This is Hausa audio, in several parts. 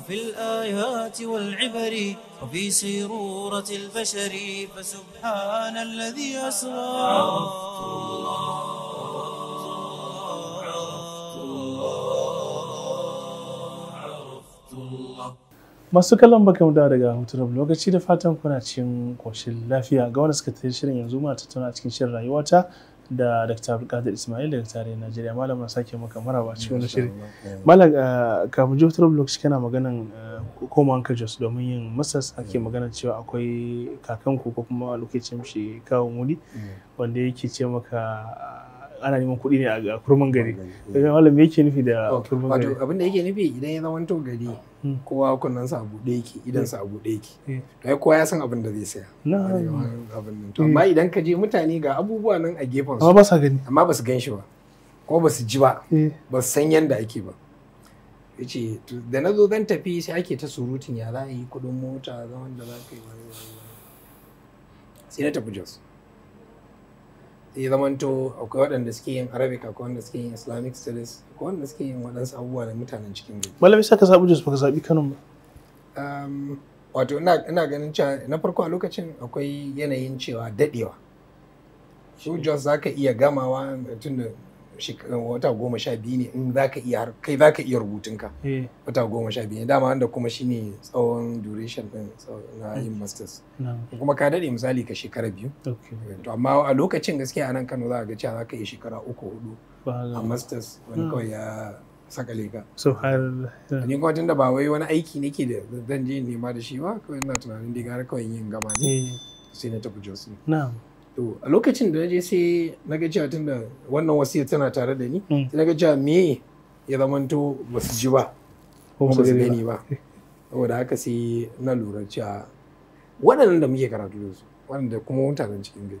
وفي الآيات والعبر وفي سيرورة البشر فسبحان الذي أسرى masu kallon baka mu daga hutun lokaci da fatan kuna cikin koshin lafiya ga wanda suka tafi shirin yanzu ma tattauna cikin shirin rayuwata da Dr. Abdulkadir Ismail daga tare Najeriya malam na sake maka maraba cikin wani shiri eh. malam eh, kafin Jota Blocks kana maganan eh, komawan ka Jos domin yin masas ake magana cewa akwai kakanku ko kuma lokacin shi kawo muli wanda yake ce maka ana neman kuɗi ne a kurman gari daga eh. malam me yake nufi da kurman gari wato abin da yake nufi idan ya zama hmm. eh. to gari kowa kunnan sa abu yake idan sa abu yake ai kowa ya san abin da zai saya Na abin nan to eh. amma idan ka je mutane ga abubuwa nan a gefen su amma ba sa gani amma ba su gan shi ba ko ba su ji ba ba su san yanda ake ba yace da na zo zan tafi sai ake ta surutun ya za a yi kuɗin mota zaman da za ka yi sai na tafi jos ya zamanto akwai waɗanda suke yin arabic akwai waɗanda suke yin islamic studies akwai waɗanda suke yin waɗansu abubuwa da mutanen cikin gari malami sa ka zaɓi jos baka zaɓi kano ba wato ina ganin cewa na farko a lokacin akwai yanayin cewa daɗewa su jos za ka iya gamawa tun da wata goma sha biyu ne in za ka iya kai za ka iya rubutunka eh. wata goma sha biyu ne dama wanda kuma shine tsawon duration din na hmm. yin masters kuma ka dade misali ka shekara biyu to amma a lokacin gaskiya a nan kano za a ga cewa za ka iya shekara uku hudu a masters wani hmm. kawai ya sakale ka so har eh. ni kuma tunda ba wai wani aiki nake da zan je nema da shi ba kawai ina tunanin da gara kawai yin gama ne eh. sai na tafi jos na'am to a lokacin da je sai na ga cewa tunda wannan wasiyar tana tare da ni mm. sai na ga cewa me ya zamanto ba su ji ba ba su gani ba saboda haka sai na lura cewa waɗannan da muke karatu da su waɗanda kuma mutanen cikin gari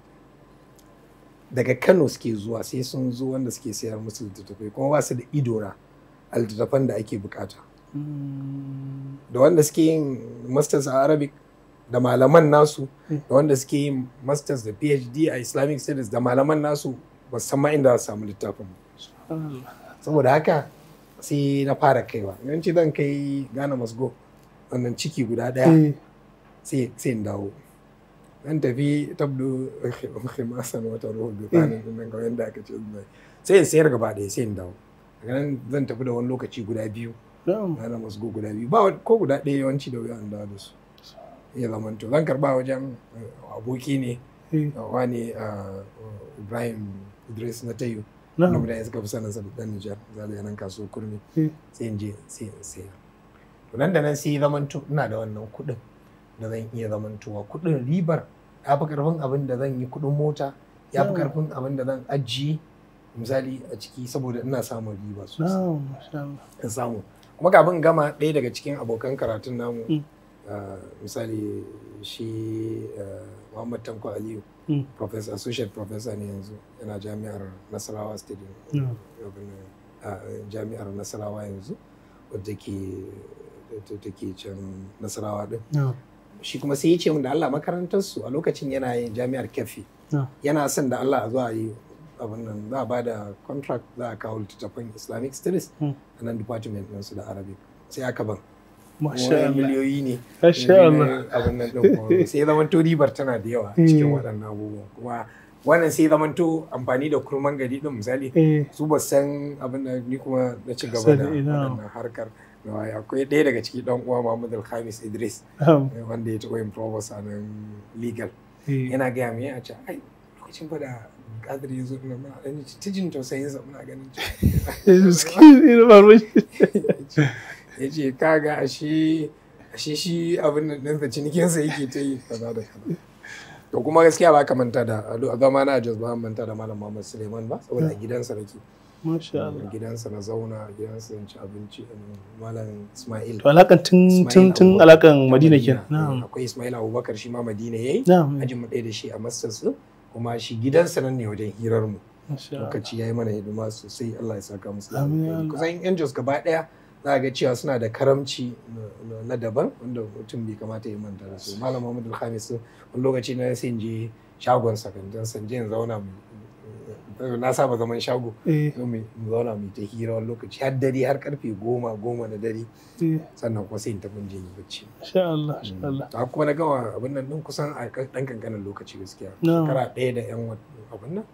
daga kano suke zuwa sai sun zo wanda suke sayar musu littattafai kuma ba su da ido na littattafan da ake bukata mm. da wanda suke yin masters a arabic da malaman nasu hmm. da wanda suke yin masters da phd a islamic studies da malaman nasu ba san ma inda samu littafin saboda haka sai na fara kaiwa yawanci zan kai gana masgo wannan ciki guda daya hmm. sai in dawo an tafi tabdo khimasan wata da dukanin hmm. nan kawai yadda aka ce sai in sayar gaba daya sai in dawo nan zan tafi da wani lokaci guda biyu gana masgo guda biyu ba ko guda ɗaya yawanci da wuya in dawo da su ya zamanto zan karba wajen eh, aboki ne hmm. eh, wani eh, ibrahim idris na tayo na ya suka fi sanin sa dan nijar da yanan kaso kurmi hmm. sai in je sai in sayar to nan da nan sai zamanto ina da wannan kuɗin da zan iya zamantowa kuɗin ribar ya fi karfin abin da zan yi kuɗin mota ya fi karfin abin da zan ajiye misali a ciki saboda ina samun riba sosai samu kuma kafin gama ɗaya daga cikin abokan karatun namu hmm. Eh, misali shi eh, muhammad tanko aliyu hmm. professor associate professor ne yanzu yana jami'ar nasarawa stadium hmm. eh, jami'ar nasarawa yanzu wadda ke can nasarawa din hmm. shi kuma sai ya ce da Allah makarantarsu a lokacin yana yin jami'ar kefi yana son da Allah za a yi abin nan za a ba da contract za a kawo littattafan islamic studies a nan department ɗinsu da arabic sai aka ban miliyoyi ne sai zamanto ribar tana da yawa cikin mm. waɗannan kuma wannan sai zamanto amfani da kurman gari din misali eh. su ba san abin da ni kuma na ci gaba da wannan harkar akwai ɗaya daga ciki ɗan uwa Muhammad Al-Khamis Idris eh, wanda ya taɓa yin a nan legal eh. yana gaya mai a ai lokacin fa da kadiri ya zo ina muna ɗan tijin muna ganin ya ce kaga ashe ashe shi abin da ɗansa cinikinsa yake ta yi kaza da kaza to kuma gaskiya ba ka manta da a zama na jos ba manta da malam Muhammad Suleiman ba saboda a gidansa da ke a Gidansa na zauna, gidansa in ci abinci um, Malam Ismail. To alakan tun tun tun alakan Madina ke. Akwai Ismail Abubakar shi ma Madina yayi. Na'am. Ajin mu ɗaya da shi a su kuma shi gidansa nan ne wajen hirar mu. Masha Allah. Lokaci yayi mana hidima sosai Allah ya saka musu. Amin. Kusan yan Jos gaba ɗaya za ga cewa suna da karamci na daban wanda mutum bai kamata ya manta da su malam muhammadu alhamis wani lokaci na sai je shagon sakandar sanje in zauna eh, na saba zaman shago eh. in zauna mai ta hira wani lokaci har dare har karfe goma goma na dare eh. sannan kuma sai in tafi je yi bacci insha Allah insha mm. Allah ta kuma na gama abin nan din kusan a dan kankanin lokaci gaskiya shekara ɗaya da yan abin nan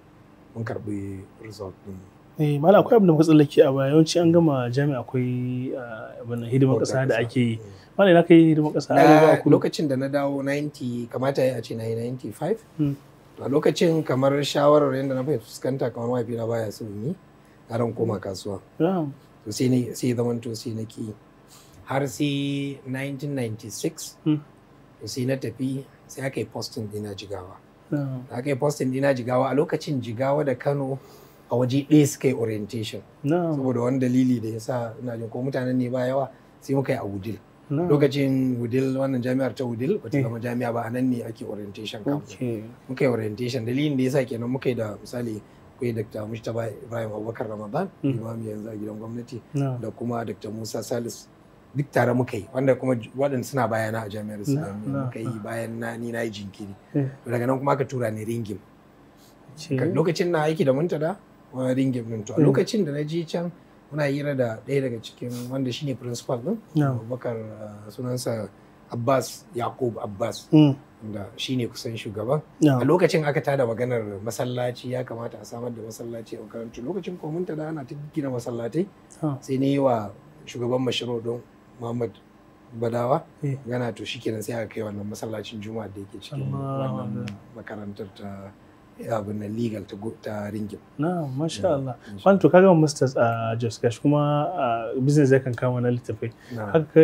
mun karbi result din Eh, mala akwai abin da muka tsallake a baya yawanci an gama jami'a akwai eh, abin da hidimar kasa da ake yi. Mala na kai hidimar kasa a eh, kudu. Lokacin da na dawo 90 kamata ya ce na yi 95. Hmm. A lokacin kamar shawarar yadda na fahimta fuskanta kamar mahaifina baya su ni a ran koma kasuwa. To sai zama to sai na ki har sai 1996 hmm. sai na tafi sai aka yi postin dina jigawa. Aka yi dina jigawa a lokacin jigawa da Kano a waje ɗaya suka yi orientation saboda wani dalili da ya sa ina jin ko mutanen ne ba yawa sai muka yi a wudil lokacin wudil wannan jami'ar ta wudil wata eh. zama jami'a ba a nan ne ake orientation campus muka yi orientation dalilin da ya sa kenan muka yi da misali kai dr mustapha ibrahim abubakar ramadan mm. imam yanzu a gidan gwamnati da kuma dr musa salis duk tare muka yi wanda kuma waɗanda suna bayana a jami'ar islamiyya muka yi bayan na ni na yi jinkiri eh. daga nan kuma aka tura ni ringim lokacin na aiki da muntada wayarin din to a hmm. lokacin da na ji can muna hira da ɗaya daga cikin wanda shine principal din Abubakar ah, sunansa Abbas Yakub Abbas hmm. da shine kusan shugaba a lokacin aka tada maganar masallaci ya kamata a samar da masallaci a makarantu lokacin komunta da ana ta gina masallatai sai na yi wa shugaban mashiro don Muhammad badawa eh. gana to shi kenan sai aka kai wannan masallacin juma'a da yake cikin wannan makarantar ta abin nan legal ta ta ringin na masha Allah kwanto kaga masters a Jos Cash kuma business yakan kama na littafai haka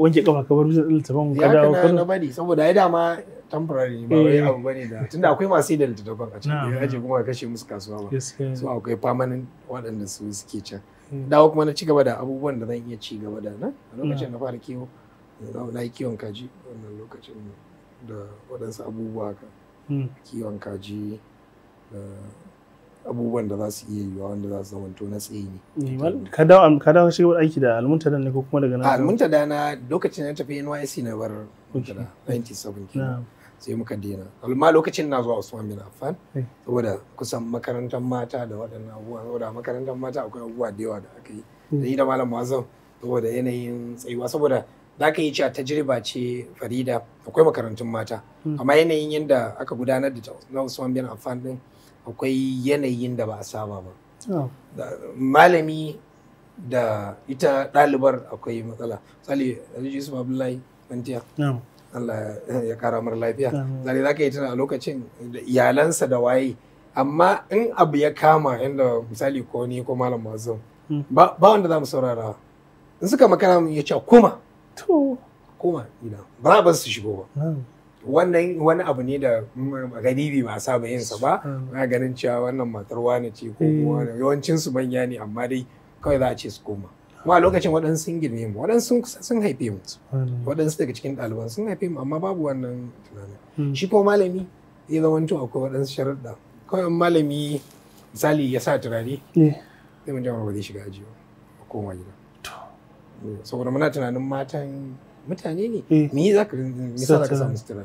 wanke kafa kabar business littafan ka dawo ka na bari saboda ai dama temporary ba wai eh. abu bane da tunda akwai masu da littafan a cikin yaji kuma kashe musu kasuwa ba so akwai permanent waɗanda su suke can hmm. dawo kuma na ci gaba da abubuwan da zan iya ci gaba da na a lokacin na fara kiwo na yi kiwon kaji wannan lokacin da waɗansu abubuwa haka Hmm. kiwon kaji eh, abubuwan da za su iya yiwuwa wanda za su zamanto na tsaye ne. Eh, ka dawo shi aiki da almuntada ne ko kuma daga nan? Almuntada na lokacin na tafi NYC na bar 97 sai muka dena amma lokacin na zuwa Usman bin Affan eh. saboda kusan makarantar mata da waɗannan abubuwa saboda makarantar mata akwai abubuwa da yawa da aka yi hmm. da yi da malam Mazam saboda yanayin tsayuwa saboda za ka yi cewa tajriba ce farida akwai makarantun mata hmm. amma yanayin yadda aka gudanar da na usman bin affan akwai yanayin da ba a saba ba oh. malami da ita ɗalibar akwai matsala misali alhaji abdullahi mantiya Allah ya kara mara lafiya zare za ka yi tana lokacin da iyalansa da waye amma in abu ya kama inda misali ko ni ko malam mazum hmm. ba wanda za mu saurara in suka makana mu ya ce koma to koma gida ba su shigo ba hmm. wannan wani abu ne da galibi ba saba yin sa ba na hmm. ganin cewa wannan matar wani ce ko kuma eh. yawancin su manya ne amma dai kawai za a ce su koma kuma lokacin waɗansu sun girme mu waɗansu sun haife mu hmm. waɗansu daga cikin ɗaliban sun haife mu amma babu wannan tunanin shi ko malami ya zama to akwai waɗansu sharaɗa kawai malami misali ya sa turare eh. sai mun jama'a ba zai shiga ajiyo ko koma gida Eh, saboda muna tunanin matan mutane ne eh. me za ka misali ka samu sutura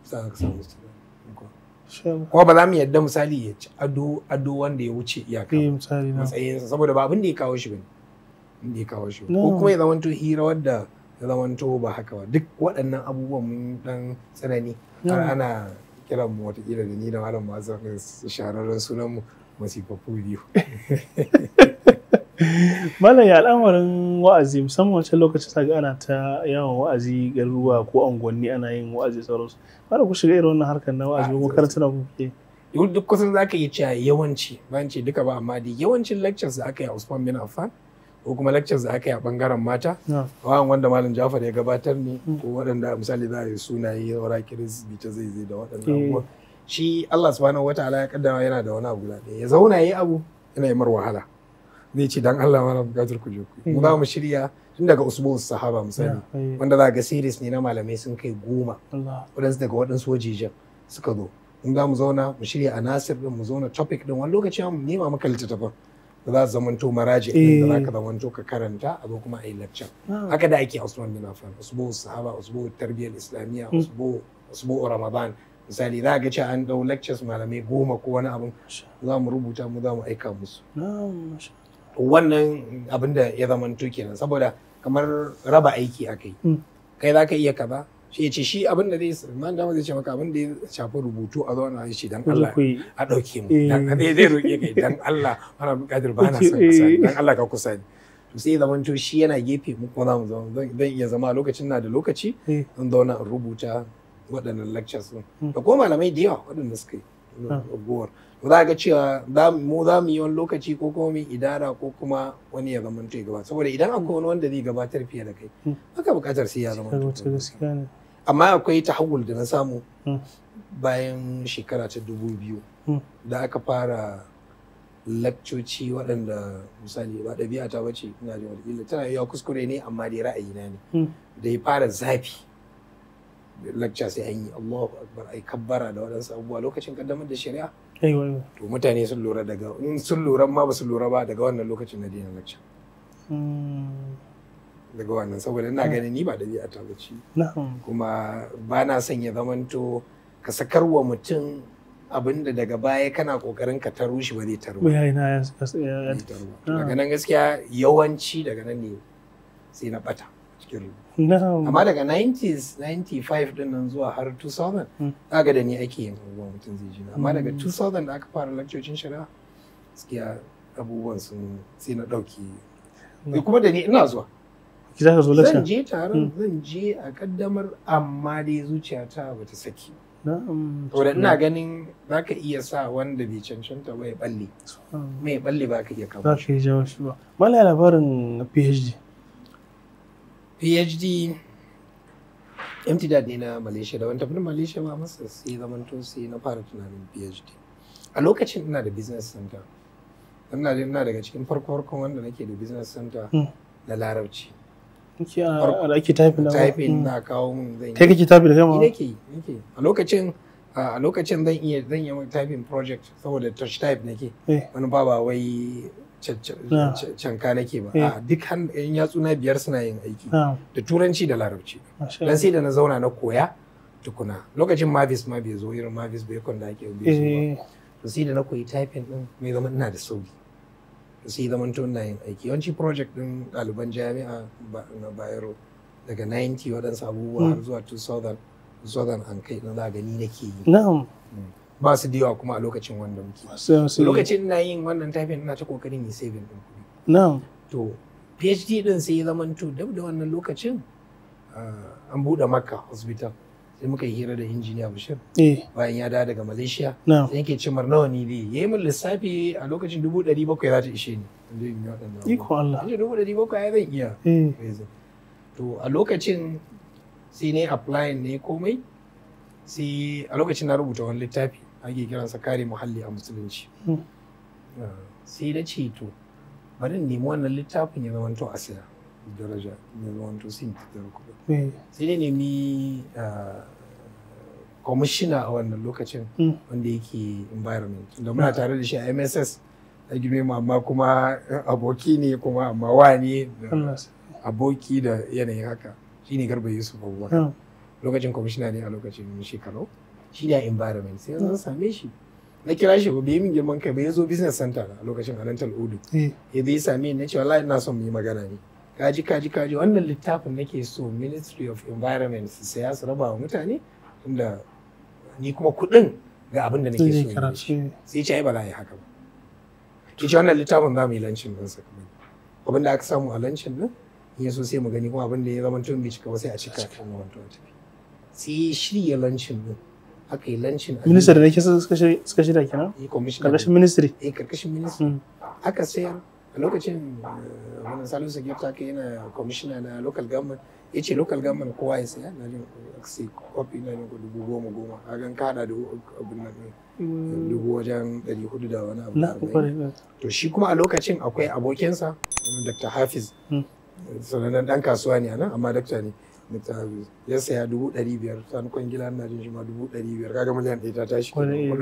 misali ka samu sutura kuma ba za mu yadda misali ya ci ado ado wanda ya wuce iyaka eh, matsayinsa saboda ba abin da ya kawo shi bane da ya kawo shi ko kuma ya zamanto hira wadda ya zamanto ba haka ba duk waɗannan abubuwan mun dan tsanani har ana kiran mu watakila da ni da malam masu shahararren sunan mu masifaffu biyu Malam ya al'amarin wa'azi musamman wancan lokacin ga ana ta yawon wa'azi garuruwa ko unguwanni ana yin wa'azi sauransu. Ba ku shiga irin wannan harkar na wa'azi ko karatuna ku kuke. Duk kusan za ka yi cewa yawanci ban ce duka ba amma dai yawancin lectures da aka yi a Usman bin Affan ko kuma lectures da aka yi a bangaren mata wa'an wanda malam Jafar ya gabatar ne mm. ko waɗanda misali za a yi sunaye wara kiris ta zai zai da waɗannan eh. abubuwa. Shi Allah subhanahu wataala ya kaddama yana da wani abu guda ɗaya ya zauna ya yi abu yana yi mar wahala. zai ce dan Allah mana bukatar ku je ku mu za mu shirya tun daga usbu'us sahaba misali eh. wanda za ga series ne na malamai sun kai goma waɗansu daga waɗansu wajejen suka zo mun za mu zauna mu shirya a nasir din mu zauna topic din wani lokaci mu nema maka littattafan da za su zamanto maraji da za eh. ka zamanto ka karanta a zo kuma a yi lacca. Ah. haka da ake Usman bin Affan usbu'us sahaba usbu tarbiyyar islamiyya hmm. usbu ramadan misali za ga ce an dau lectures malamai goma ko wani abun za mu rubuta mu za mu aika musu ah, wannan abin da ya zamanto kenan saboda kamar raba aiki a kai mm. Kai za ka iya kaza shi ya ce shi abin da zai man dama zai ce maka abin da ya shafi rubutu a zauna shi ce dan Allah a ɗauke mu eh. zai roƙe kai dan Allah wani buƙatar ba na son kusa eh. dan Allah ka kusa ni to sai to shi yana gefe mu kuma zamu zama zan iya zama lokacin na da lokaci in eh. zauna in rubuta waɗannan lectures ɗin mm. da ko malamai da yawa waɗanda suka yi Ah. raguwar za ka cewa mu za mu yi wani lokaci ko kuma mu idara ko kuma wani ya zama ya gaba saboda idan akwai wani wanda zai gabatar fiye da kai hmm. haka bukatar sai ya zama amma akwai tahawul da na samu hmm. bayan shekara ta dubu biyu hmm. da aka fara lakcoci waɗanda misali ba ɗabi'a ta bace ina jin wata tana yawa kuskure ne amma dai ra'ayi na ne da ya fara zafi Lakca sai an yi Allahu akbar ai kabbara da waɗansu abubuwa lokacin kaddamar da shari'a to mutane sun lura daga in sun lura ma ba su lura ba daga wannan lokacin na daina lecture hmm. daga wannan saboda ina ganin ni ba da biya ta bace kuma ba na son ya zamanto ka sakarwa mutum abinda daga baya kana kokarin ka taro shi ba zai taro ba daga nan gaskiya yawanci daga nan ne sai na bata cikin rubutu amma daga 90s 95 din nan zuwa har 2000 hmm. aga da ni ake yin abubuwan mutum zai ji amma daga 2000 hmm. da aka fara lakcocin shari'a gaskiya abubuwan sun sai na dauki kuma da ni ina zuwa za ka zo lacca zan je taron hmm. zan je a kaddamar amma dai zuciyata bata saki saboda ina ganin za ka iya sa wanda bai cancanta ba ya balle mai balle ba ka iya kawo shi ba malaya labarin phd phd MTD ne na malaysia da wani tafi malaysia ma masa sai zamanto sai na fara tunanin phd a lokacin ina da business center ina da ina daga cikin farko farkon wanda nake da business center hmm. na larabci Nake ah, a ake typing na typing hmm. na kawo mun zan yi. Kai kake typing da kai ma? Nake nake. A lokacin a lokacin zan iya zan yi typing project saboda touch type nake. Eh. Wani baba wai canka ah. nake ba eh. duk yan yatsuna biyar suna yin aiki ah. da turanci da larabci dan sai da na zauna na koya tukuna lokacin mavis ma bai zo irin mavis bai kon da ake yi. ba eh. sai da na koyi typing din mai zama ina da sauki sai zaman tun na yin aiki yawanci project din ɗaliban jami'a na bayero daga 90 waɗansu abubuwa hmm. har zuwa 2000 southern an kai na gani nake yi hmm. ba su da yawa kuma a lokacin wanda muke lokacin na yin wannan typing ina ta kokarin yi saving din kuɗi to phd din sai ya to duk da wannan lokacin ah, an buɗe makka hospital sai muka yi hira da injiniya bashir eh. bayan ya dawo daga malaysia sai yake cimar nawa ni dai yayi min lissafi a lokacin dubu ɗari bakwai za ta ishe ni iko Allah dubu ɗari bakwai zan iya eh. to a lokacin sai na yi applying ne komai sai a lokacin na rubuta wani littafi ake sa kare muhalli a musulunci hmm. sai na ce to bari nemi wannan littafin ya to a siya daraja ya zamanto sun fitar hmm. sai na nemi kwamishina a wannan lokacin hmm. wanda yake environment da muna tare da shi a mss a mu amma kuma aboki ne kuma amma wani aboki da yanayin haka shine garba yusuf abubakar lokacin kwamishina ne a lokacin shekaru shi ne environment sai zan same shi na kira shi ba bai min girman kai ba ya zo business center a lokacin anantal odu eh. ya zai same ni na ce wallahi ina son mu yi magana ne kaji kaji kaji wannan littafin nake so ministry of environment su saya su raba wa mutane inda ni kuma kuɗin ga abin da nake so sai ce ai ba za yi haka ba ki ce wannan littafin za mu yi lancin din sa kuma. abin da aka samu a lancin din ya so sai mu gani kuma abin da ya zama tun bai cika ba sai a cika kan wannan tafi sai shirye lancin din aka yi lancin ministry da nake suka shirya kenan eh, karkashin ministry eh karkashin ministry hmm. aka sayar a lokacin salon sa gefta ke yana komishina na local government yace ce local government kowa ya saya na jin sai kofi na jin dubu goma goma a gan kada da abin nan dubu wajen dari hudu da wani abu to shi kuma a lokacin akwai abokinsa dr hafiz hmm. sanannen dan kasuwa ne a nan amma dakta ne littafi ya saya dubu ɗari biyar ta nukwan gila na jin shi ma dubu ɗari biyar kaga miliyan ɗaya ta tashi kudin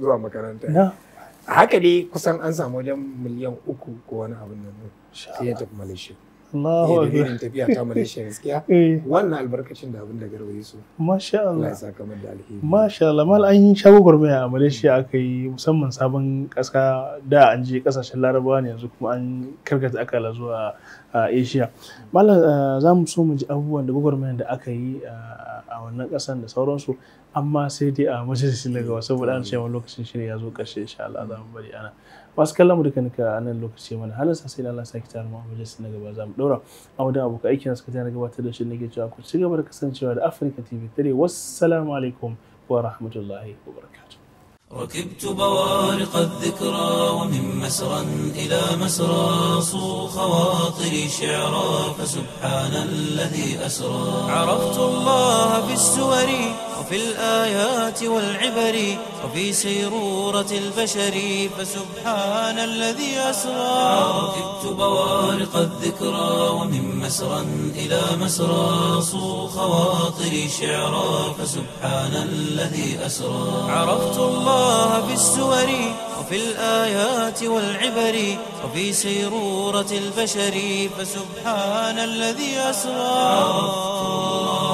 zuwa makaranta haka dai kusan an samu wajen miliyan uku ko wani abin nan sai ya tafi malaysia Allahu eh, Akbar. tafiya ta Malaysia gaskiya. Eh. Wannan albarkacin da abin da garwaye su. Masha Allah. Allah ya saka da alheri. Masha Allah. Mal an yi shago gwarmaya a Malaysia aka yi musamman sabon ƙasa da an je ƙasashen Larabawa ne yanzu kuma an karkata akala zuwa a asia malam eh, za mu so mu ji abubuwan da gwagwarmayar da aka yi eh, a wannan ƙasan da sauransu amma sai dai a majalisi na gaba saboda an cewa lokacin shirya ya zo ƙarshe insha Allah za mu bari ana masu kallon mu duka nika a nan lokaci mana halin sai da Allah saki tare mu a majalisi na gaba za mu ɗaura a wadda abokan aiki na suka tana gabatar da shi nake cewa ku ci gaba da kasancewa da Africa TV 3 wassalamu alaikum wa rahmatullahi wa barakatuh ركبت بوارق الذكرى ومن مسرى إلى مسرى صو خواطري شعرا فسبحان الذي أسرى عرفت الله بالسور وفي الآيات والعبر وفي سيرورة البشر فسبحان الذي أسرى ركبت بوارق الذكرى ومن مسرى إلى مسرى صوخ خواطري شعرا فسبحان الذي أسرى عرفت الله في السور وفي الآيات والعبر وفي سيرورة البشر فسبحان الذي أسرى عرفت الله